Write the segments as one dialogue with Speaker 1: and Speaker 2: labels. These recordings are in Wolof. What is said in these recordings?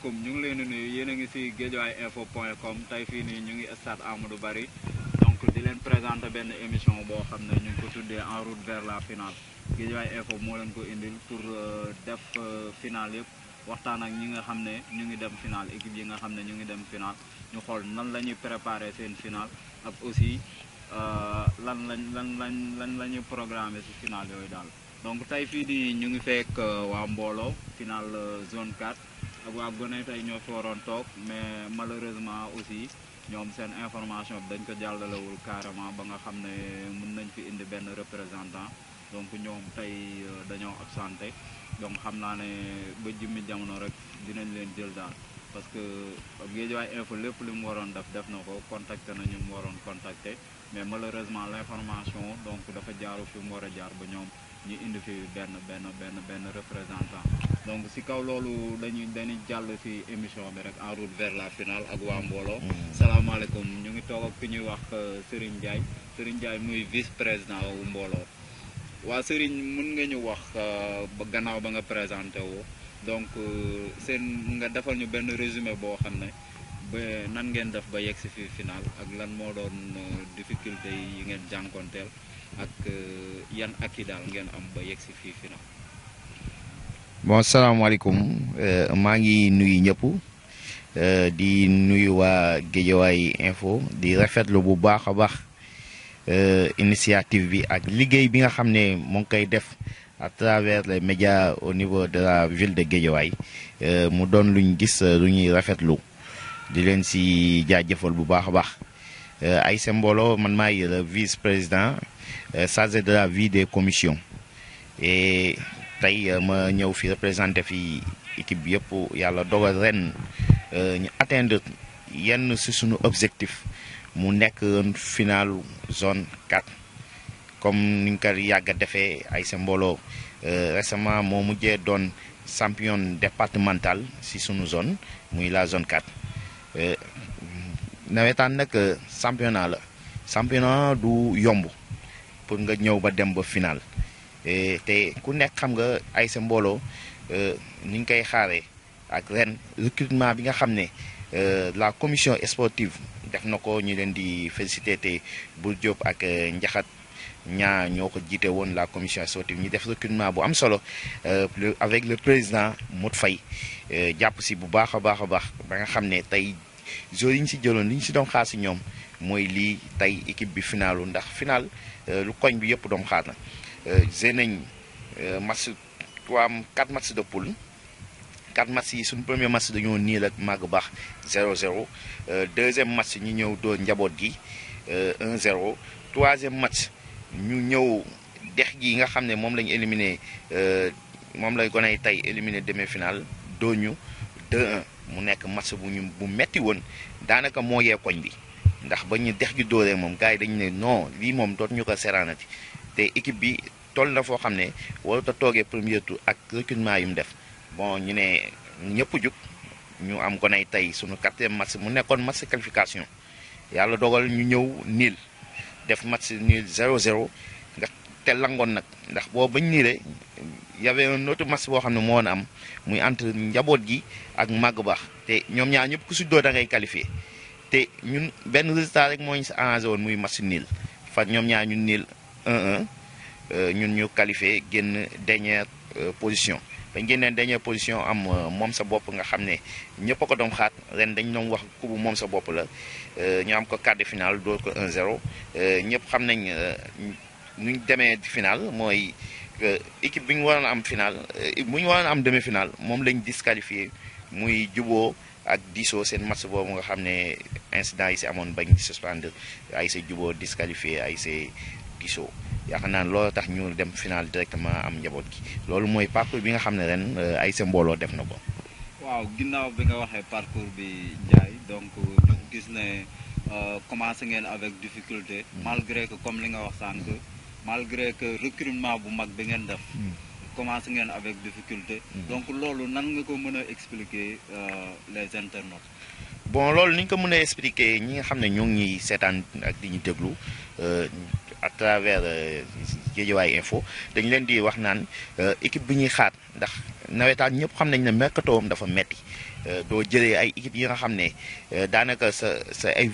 Speaker 1: asalaamaaleykum ñu ngi leen di nuyu yéen a ngi si géejawaay info point ñu ngi stade Amadou Barry donc di leen présenter benn émission boo xam ne ñu ngi ko tuddee en route vers la finale géejawaay info moo leen ko indil pour euh, def euh, finale yëpp waxtaan ak ñi nga xam ne ñu ngi dem finale équipe yi nga xam ne ñu ngi dem finale ñu xool nan la ñuy préparer seen finale ak aussi euh, lan lañ lan lañ lan la ñuy programmer si yooyu daal donc tey fii nii ñu ngi fekk waa Mbolo finale zone 4. ak waa Goney tey ñoo fi waroon toog mais malheureusement aussi ñoom seen information bi dañ ko jàllale jàllalewul carrément ba nga xam ne mun nañ fi indi benn représentant donc ñoom tey euh, dañoo absenté donc xam naa ne ba jimmi jamono rek dinañ leen jël daal parce que Guédiawaye info lépp li mu waroon def def na ko contacté nañu mu waroon contacté mais malheureusement l' information donc dafa jaaru fi mu war a jaar ba ñoom ñu indi fi benn benn benn benn représentant donc si kaw loolu dañuy dañuy jàll si émission bi rek en route vers la finale ak waa mbooloo mm. salaamaaleykum ñu ngi toog ak ki ñuy wax euh, Serigne Ndiaye Serigne Ndiaye muy vice président wu mbooloo waa sëriñ mun nga ñu wax euh, gannaaw ba nga présenté woo donc euh, seen nga defal ñu benn résumé boo xam ne ba nan ngeen def ba yegg si fii final ak lan moo doon difficulté yi ngeen jànkonteel ak yan ak yi daal ngeen am ba yegg si fii final
Speaker 2: bon alaykoum euh, maa ngi nuyu ñëpp euh, di nuyu wa Guédiawaye info di rafetlu bu baax a baax euh, initiative bi ak liggéey bi nga xamné mo ngi koy def à travers les médias au niveau de la ville de Guédiawaye mu doon luñ gis lu ñuy rafetlu di len ci jaajëfal bu baax a baax Mbolo man maay le vice président chargé de la vie des commissions et tey euh, ma ñëw fi représenté fi équipe bi yëpp yàlla dogal ren euh, ñu atteindre yenn si suñu objectif mu nekk finalu zone 4 comme ni nga ko yàgg defee ay sa mbooloo euh, récemment moo mujjee doon champion départemental si sunu zone muy la zone 4 nawetaan nag championnat la championnat du yomb pour nga ñëw ba dem ba final Eh, te ku nekk xam nga ay sa mbooloo eh, ni ñu koy xaaree ak ren recrutement bi nga xam ne eh, la commission sportive def na ko ñu leen di félicité te bu Diop ak Njaxat ñaa ñoo ko jiite woon la commission sportive ñu def recrutement bu am solo avec le président Modou Faye jàpp si bu baax a baax a baax ba nga xam ne tey joueurs yi ñu si jëloon li ñu si doon xaar si ñoom mooy lii tey équipe bi finaalu ndax final lu koñ bi yëpp doom xaar na joué euh, nañ euh, match trois quatre matchs de poule quatre matchs yi suñ premier match dañoo niil ak màgg baax 0-0 deuxième match ñu ñëw doo njaboot gi euh, un 0 troisième match ñu ñëw dex gi nga xam ne moom lañu éliminé moom lay gonay tey éliminer demi-finale doo ñu 2-1 mu nekk match bu ñu bu metti woon daanaka moo yee koñ bi ndax ba ñu dex gi dóoree moom gars yi dañu ne non lii moom dootuñu ko seraanati te équipe bi toll na foo xam ne warut a toogee premier tour ak recrutement yu mu def bon ñu ne ñëpp jug ñu am gonay tey sunu quatrième match mu nekkoon match qualification yàlla dogal ñu ñëw niil def match niil 0-0 nga te langoon nag ndax boo bañ niile yawee avait un autre match boo xam ne moo woon am muy entre njaboot gi ak màgg baax te ñoom ñaar ñëpp ku si doo da ngay te ñun benn résultat rek moo ñu si arrangé woon muy match niil fa ñoom ñaar nous 1 euh, ñun ñu qualifié dernière euh, position avons en dernière position am euh, Mom sa Nous nga ko Nous la quart de finale 1-0 nous avons nañ demi finale équipe finale bu demi finale nous nous disqualifié muy que ak avons seen match nga incident yi si suspendu bañ suspendre disqualifié diisoo yaakaar naa ne loolu tax ñu dem final directement am njaboot gi loolu mooy parcours bi nga xam ne ren euh, ay sa mbooloo def na ko.
Speaker 1: waaw ginnaaw bi nga waxee parcours bi Ndiaye donc ñu gis ne euh, commencé ngeen avec difficulté mm. malgré que comme li nga wax sànq mm. malgré que recrutement bu mag bi ngeen def. Mm. commencé ngeen avec difficulté. donc loolu nan nga ko mën a expliquer euh, les internautes.
Speaker 2: bon loolu ni ñu ko mën a ñi nga xam ne ñoo ngi ñuy seetaan ak di ñu déglu euh, à travers euh, Guédiawaye info dañ leen di wax naan euh, équipe bi ñuy xaat ndax nawetaan ñëpp xam nañ ne mercato am dafa metti Euh, do a ay équipe yi nga xamné euh, sa sa ay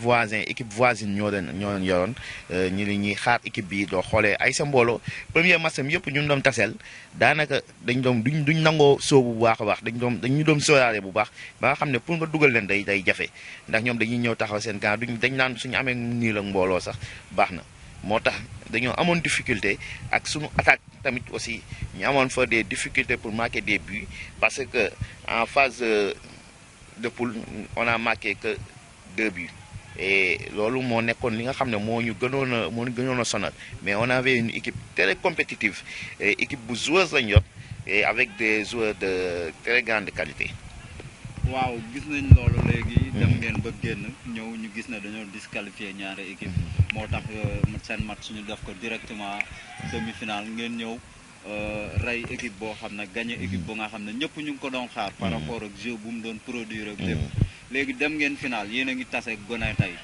Speaker 2: équipe voisine ñoo ñoo euh, li ñi xaar équipe bi do xolé ay sa premier match am ñun dañ duñ bu baax baax dañ dañ ñu pour nga day day ndax dañuy ñëw taxaw seen dañ suñu la sax difficulté ak suñu attaque tamit des difficultés pour marquer des buts parce que en phase de poule on a marqué que deux buts et lolu mo nekkoon li nga xam mo ñu gënoon a moo ñu gënoon sonal mais on avait une équipe très compétitive et équipe bu joueuse et avec des joueurs de très grande qualité.
Speaker 1: waaw gis nañ lolu légui mm-hmm. dem ngeen ba génn ñëw ñu gis na dañoo disqualifier ñaari équipe mm-hmm. moo tax euh, seen match suñu def ko directement demi-finale ngeen ñëw. Euh, rey équipe boo xam ne gagné mm-hmm. équipe bu nga xam ne ñëpp ñu ngi ko doon xaar par mm-hmm. rapport ak jeu bu mu doon produire ak lépp mm-hmm. léegi dem ngeen final yéen a ngi tase Gonay tey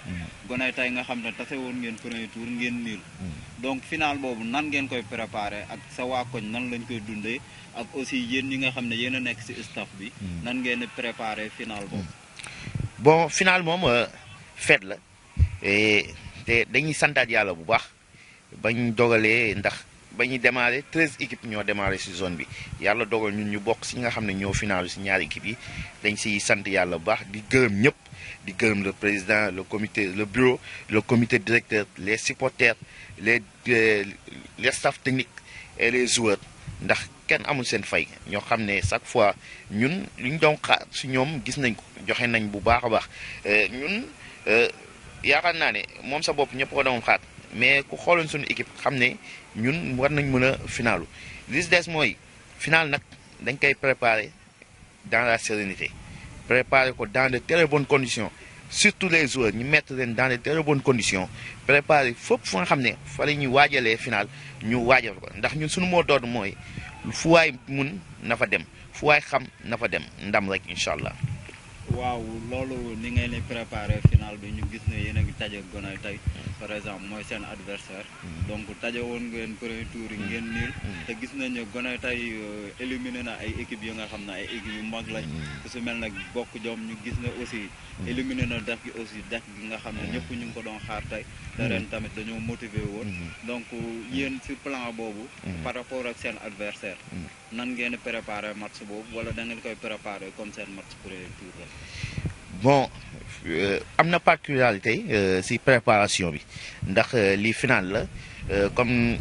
Speaker 1: Gonay tey nga xam ne tase woon ngeen premier tour ngeen niil donc final boobu nan ngeen koy préparé ak sa waa koñ nan lañ koy dundee ak aussi yéen ñi nga xam ne yéen a nekk si staff bi nan ngeen préparé final boobu
Speaker 2: bon final moom euh, fête la te dañuy santaat yàlla bu baax bañ dogalee ndax bañu ñuy démarré treize équipes ñoo démarré ci zone bi yalla dogal ñun ñu bokk ci nga xamné ñoo final ci ñaari équipe yi dañ ci sant yalla bu baax di gërëm ñëpp di gërëm le président le comité le bureau le comité directeur les supporters les euh, les staff techniques et les joueurs ndax kenn amul seen fay ñoo xam ne chaque fois ñun li ñu doon xaar si ñoom gis nañ ko joxe nañ bu baax a baax euh, ñun euh, yaakaar naa ne moom sa bopp ñëpp ko doon xaar mais ku xooloon suñu équipe xam ne ñun war nañ mën a finalu li des mooy final nag dañ koy préparer dans la sérénité préparer ko dans de très bonnes conditions surtout les joueurs ñu mettre leen dans de très bonnes conditions préparer fépp fu nga xam ne fa la ñuy waajalee final ñu waajal ko ndax ñun suñu moo doon mooy fu mun na fa dem fu xam na fa dem ndam rek incha allah.
Speaker 1: waaw loolu ni ngay préparer final bi ñu gis. taje Gonay tey mm. par exemple mooy seen adversaire mm. donc taje woon ngeen premier tour yi mm. ngeen niil te gis nañ ne Gonay tey euh, éliminé na ay équipes yu nga xam na ay équipes yu mag lañ ku si mel nag bokk jom ñu gis ne aussi éliminé na def gi aussi def gi nga xam ne ñëpp ñu ngi ko doon xaar tey te ren tamit dañoo motivé woon donc yéen si plan boobu par rapport ak seen adversaire nan ngeen préparé match boobu wala da ngeen koy préparé comme seen match premier
Speaker 2: Euh, am na particularité euh, si préparation bi ndax euh, li final la comme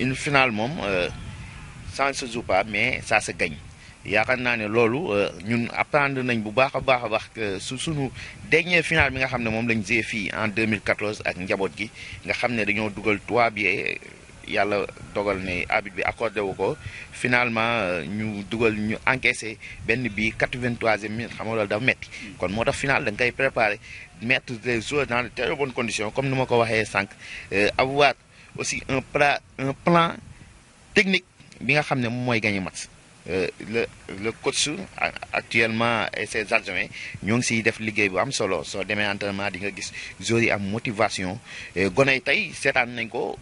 Speaker 2: une finale moom ça se joue pas mais ça se gagne yaakaar naa ne loolu ñun apprendre nañ bu baax a baax a baax su suñu dernier finale bi nga xam ne moom lañ jee en 2014 ak njaboot gi nga xam ne dañoo dugal trois billets yalla dogal ne arbitre bi accordé wu ko finalement euh, ñu dugal ñu encaissé benn bi 83e minute xam nga lool da metti hmm. kon motax final da ngay préparer mettre des joueurs dans de très bonnes conditions comme ni ko waxé sank euh, avoir aussi un plan un plan technique bi nga xamné ne gagner mooy gagné match euh, le le coach actuellement et ses adjoints ñoo ngi siy def liggéey bu am solo so démé entraînement di nga gis jori am motivation euh, gone tay sétane nañ ko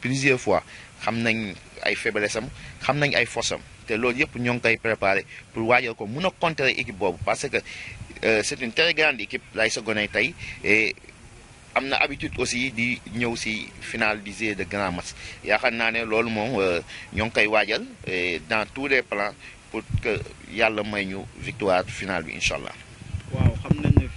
Speaker 2: plusieurs fois xamnañ avons ay faiblesse am nous avons ay force am te loolu pour ñoo préparer préparé pour voir ko nous pas contrer équipe parce que euh, c'est une très grande équipe lay sa goney et on habitude aussi di finaliser de grand match Et naa ne loolu moom euh, ñoo dans tous les plans pour que nous may ñu victoire finale bi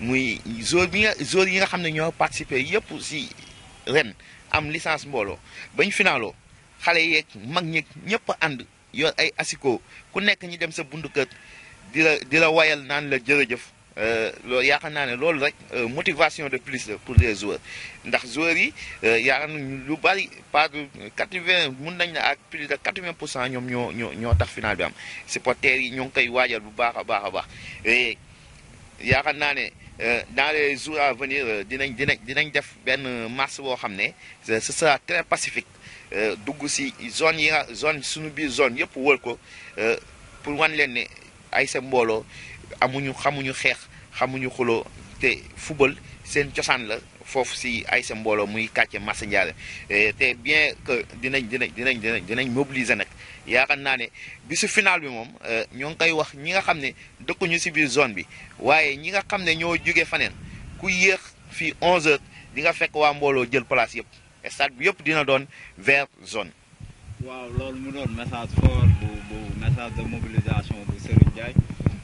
Speaker 2: muy joueur bi nga joueur yi nga xam ne ñoo participé yëpp si ren am licence mbooloo bañ finaaloo xale yeeg mag ñeeg ñëpp a ànd yor ay asiko ku nekk ñi dem sa buntu di la di la wayal naan la jërëjëf euh, loolu yaakaar naa ne loolu rek euh, motivation de plus pour les joueurs ndax joueurs yi euh, yaakaar nañu lu bari par quatre-vingt mun nañ la ak plus de quatre-vingt pour cent ñoom ñoo ñoo ñoo tax final bi am supporters yi ñoo ngi koy waajal bu baax a baax a baax yaakaar naa ne. Euh, dans les jours à venir euh, dinañ dinañ dinañ def benn marche woo xam ne euh, ce sera très pacifique dugg si zone yi zone suñu biir zone yëpp wër ko pour wan leen ne ay sa mbooloo amuñu xamuñu xeex xamuñu xuloo te football seen cosaan la foofu si ay sa mbooloo muy kàcce marché Ndiarème te bien que dinañ dinañ dinañ dinañ dinañ mobiliser nag yaakaar naa ne bisu final bi moom euh, ñoo ngi koy wax ñi nga xam ne dëkkuñu si biir zone bi waaye ñi nga xam ne ñoo jóge faneen ku yéex fii 11h di nga fekk waa mbooloo jël place yëpp stade bi yëpp dina doon vert zone.
Speaker 1: waaw loolu mu doon message fort bu message de mobilisation bu Serigne Ndiaye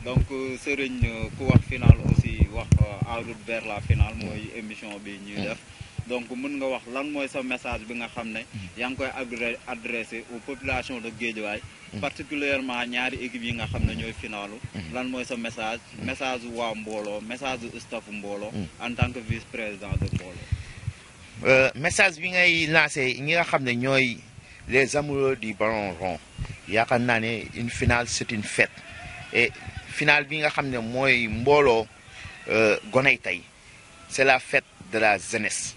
Speaker 1: donc euh, Serigne euh, ku wax final aussi wax en route vers la finale mooy émission bi ñuy mm. def. donc mën nga wax lan mooy sa message bi nga xam ne hmm. yaa ngi koy adressé aux population de Guédiawaye hmm. particulièrement ñaari équipe yi nga xam ne ñooy finalu hmm. lan mooy sa message message waa mbooloo message staff mbooloo en tant que vice président de mbooloo
Speaker 2: euh, message bi ngay lancé ñi nga xam ne les amoureux du ballon rond yaakaar naa ne une finale c'est une fête et finale bi nga xam ne mooy mbooloo euh, gonay tey c'est la fête de la jeunesse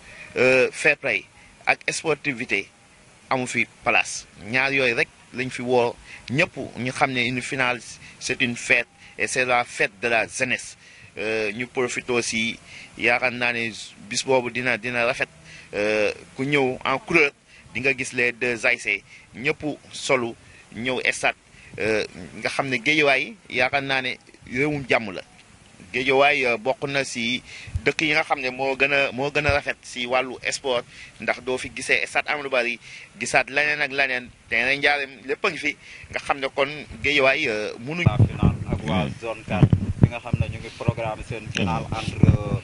Speaker 2: Euh, fair play ak sportivité amu fi place ñaar yooyu rek lañ fi woo ñëpp ñu xam ne une finale c'est une fête et c'est la fête de la jeunesse euh, ñu profité aussi yaakaar naa ne bis boobu dina dina rafet euh, ku ñëw en couleur di nga gis les deux ASC ñëpp solu ñëw stade nga xam ne géejuwaay yaakaar naa ne réewum jàmm la géejawaay euh, bokk na si dëkk yi nga xam ne moo gën a moo gën a rafet si wàllu sport ndax doo fi gisee stade Amadou Barry gisaat laneen ak laneen teena njaareem lépp a ngi fi nga xam ne kon géejawaay euh, mënuñ final ak waa mm. zone 4 bi nga xam ne ñu
Speaker 1: ngi programme seen mm. final entre euh,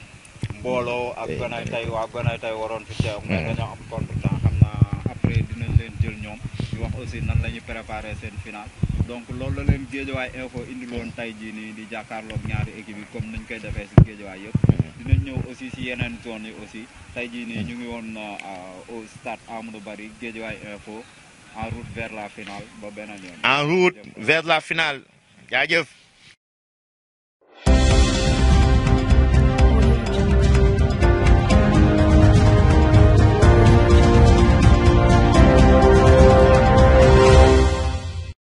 Speaker 1: mbooloo ak mm. Gonay Tay waa Gonay Tay waroon fi teew mais dañoo am contre temps après dinañ leen jël ñoom ñu wax aussi nan la ñuy préparé seen final donc loolu la leen Géejawaay info indil woon tey jii nii di jàkkaarloog ñaari équipe yi comme nañ koy defee si Géejawaay yëpp mm-hmm. dinañ ñëw aussi si yeneen zone yi aussi tey jii nii mm-hmm. ñu ngi woon euh, au stade Amadou Barry Géejawaay info en route vers la finale ba beneen
Speaker 2: yoon en route vers la finale jaajëf